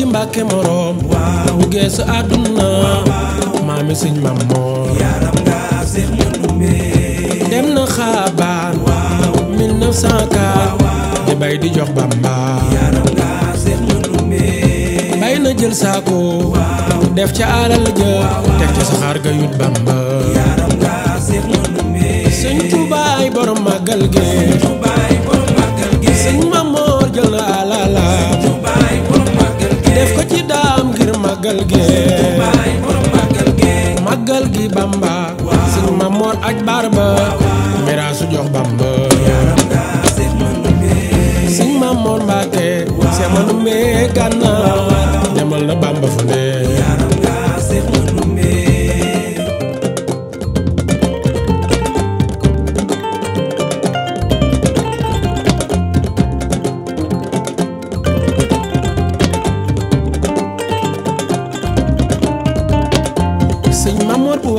ci mbàkke moroom waaw geesu àdduna maami sëñ mam moor yaram nga seex mu na xaabaan waaw bay di jox bamba bay na jël saako def ca alal ja teg ca saxaar ga yut bamba tubaay borom màggal ge ba mera su jox Bamba sëñ Mamoor Mbakke seex ma numbe na Bamba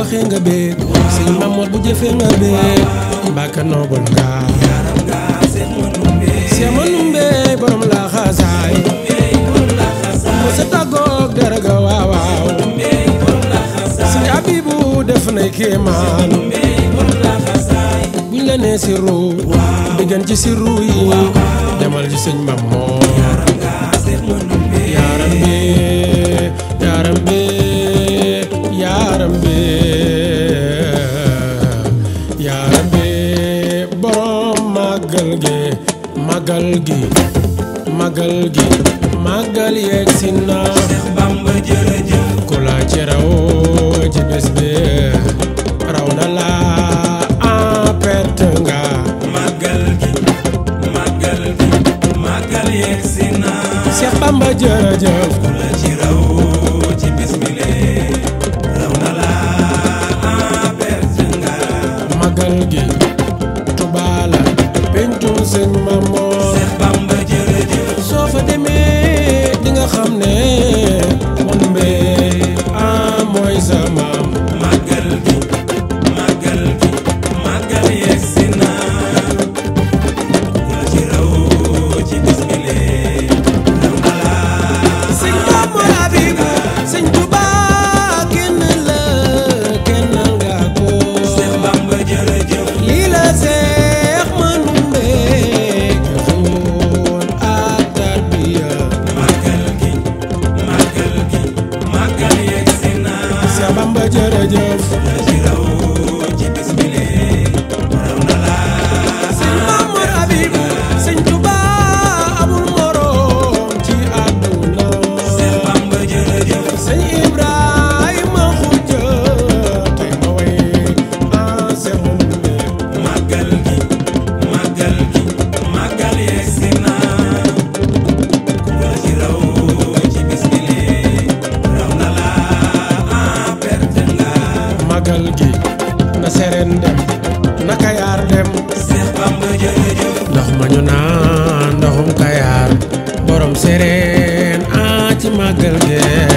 waxee nga beeg sëñ Mamoor bu jëfee nga beeg Mbàkke noobul ngaa seema numbeey borom laa xaasaay mu sa tàggoog dara ga waawaaw sëñ Abibu def nay kéemaan buñ la nee sirru di gën ci sirru yi demal ci sëñ Mamoor borom màggal gi màggal gi màggal gi màggal yeeg si Seex Bamba jërëjëf màggal gee